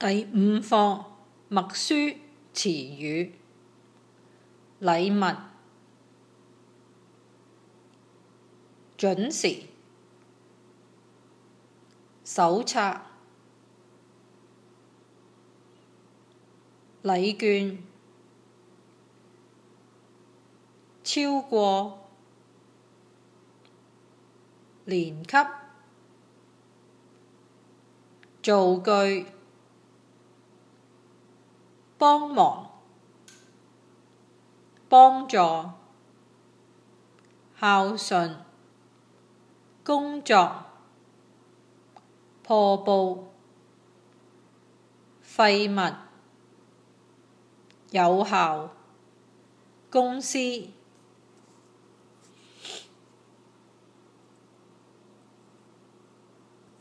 第五課：默書、詞語、禮物、準時、手冊、禮券、超過、年級、造句。幫忙、幫助、孝順、工作、破布、廢物、有效、公司。